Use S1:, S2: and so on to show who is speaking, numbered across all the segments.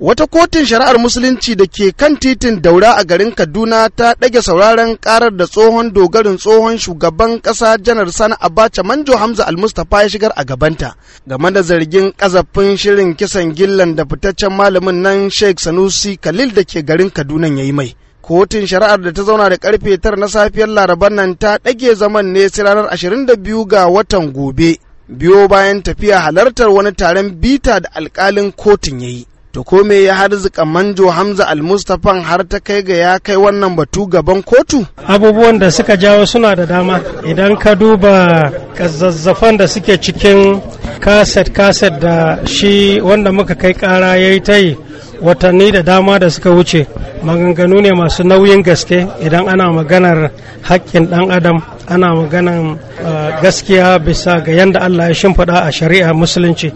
S1: wata kotun shari'ar musulunci da ke kan titin daura a garin kaduna ta ɗage sauraron karar da tsohon dogarin tsohon shugaban ƙasa janar sana abacha manjo hamza almustapha ya shigar a gabanta game da zargin ƙazafin shirin kisan gillan da fitaccen malamin nan sheikh sanusi khalil da ke garin kaduna ya yi mai kotun shari'ar da ta zauna da karfe tara na safiyar laraban nan ta ɗage zaman ne sai ranar ashirin da biyu ga watan gobe biyo bayan tafiya halartar wani taron bita da alkalin kotun ya yi to ko me ya harzika manjo hamza almustapha har ta kai ga ya kai wannan batu gaban kotu
S2: abubuwan da suka jawo suna da dama idan ka duba kazazzafan da suke cikin kaset kaset da shi wanda muka kai kara ya yi ta yi watanni da dama da suka wuce maganganu ne masu nauyin gaske idan ana maganar haƙƙin ɗan adam ana maganar eh, gaskiya bisa ga yadda allah ya shimfiɗa a shari'a musulunci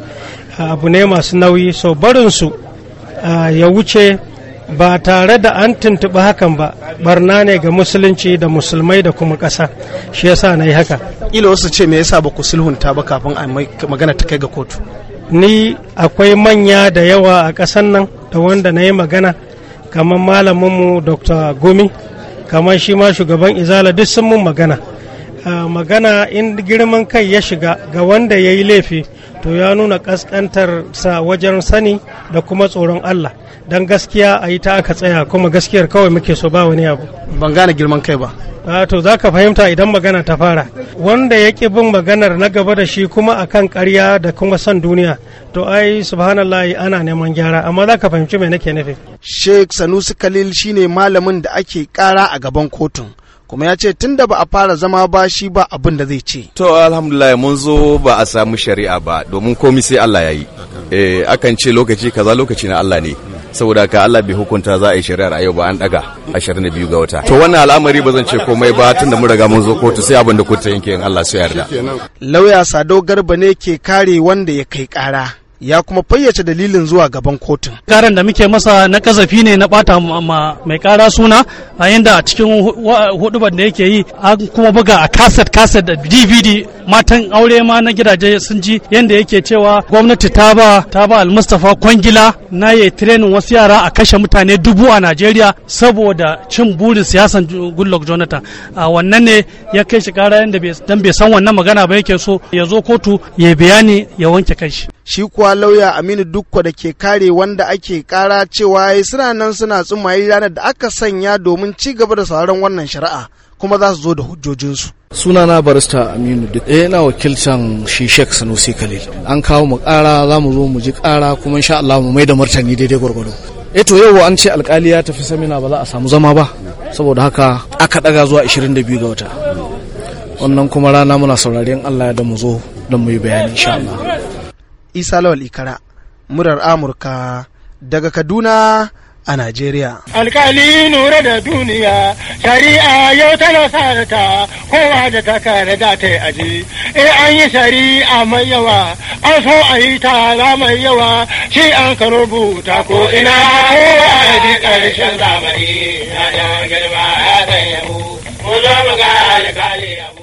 S2: abu ne masu nauyi so barinsu ya wuce ba tare da an tuntuɓi hakan ba barna ne ga musulunci da musulmai da kuma ƙasa shi yasa na yi haka ila wasu ce me yasa ba ku sulhunta ba kafin a magana ta kai ga kotu ni akwai manya da yawa a ƙasan nan da wanda na yi magana kamar malaminmu dr gumi kamar shi ma shugaban izala duk sun mun magana magana in girman kai ya shiga ga wanda ya yi laifi to ya nuna kaskantar sa wajen sani da kuma tsoron Allah don gaskiya a yi ta aka tsaya kuma gaskiyar kawai muke so ba wani abu ban gane girman kai ba to za ka fahimta idan magana ta fara wanda ya ƙi bin maganar na gaba da shi kuma a kan ƙarya da kuma son duniya to ai subhanallah ana neman gyara amma za ka fahimci me nake nufi Sheikh Sanusi
S1: Khalil shine malamin da ake ƙara a gaban kotun kuma ya ce tun da ba a fara zama ba shi ba abin da zai ce.
S3: To alhamdulillah mun zo ba a samu shari'a ba domin komi sai Allah ya yi. Eh, akan ce lokaci kaza lokaci na Allah ne saboda ka Allah bai hukunta za a yi shari'ar a yau ba an daga 22 ga wata to wannan al'amari ba zan ce komai ba tunda mun riga mun zo kotu sai abin da kotu yanke in Allah su yarda
S1: lauya Sado Garba ne ke kare wanda ya kai kara ya kuma fayyace dalilin zuwa gaban
S4: kotun. Karan da muke masa na kasafi ne na bata mai kara suna a yanda a cikin hudubar da yake yi an kuma buga a kaset kaset da DVD matan aure ma na gidaje sun ji yanda yake cewa gwamnati ta ba ta ba Almustafa kwangila na yi trenin wasu yara a kashe mutane dubu a Najeriya saboda cin burin siyasan Goodluck Jonathan. A wannan ne ya kai shi kara yanda dan bai san wannan magana ba yake so ya zo kotu ya bayani ya wanke shi
S1: shi kuwa lauya aminu dukko da ke kare wanda ake kara cewa ya suna nan suna tsumayi ranar da aka sanya domin ci gaba da sauraron wannan shari'a kuma za su zo da hujjojinsu
S3: Suna na barista aminu duk eh na wakiltan shi sheikh sanusi khalil an kawo mu kara za mu zo mu ji kara kuma insha Allah mu mai da martani daidai gwargwado eh to yau an ce alkali ya tafi samina ba za a samu zama ba saboda haka aka daga zuwa 22 ga wata wannan kuma rana muna sauraren Allah ya da mu zo don mu yi bayani insha Allah
S1: isa lawal ikara murar amurka daga kaduna a Najeriya.
S2: Alkali nura da duniya, shari'a yau tana sa ta kowa da ta kare da ta aji. E an yi shari'a mai yawa, an so a yi tara mai yawa, shi an ka rubuta ko ina kowa a yi ƙarshen zamani, ya girma ya tsaye mu,
S3: mu zo mu ga alkali yabu.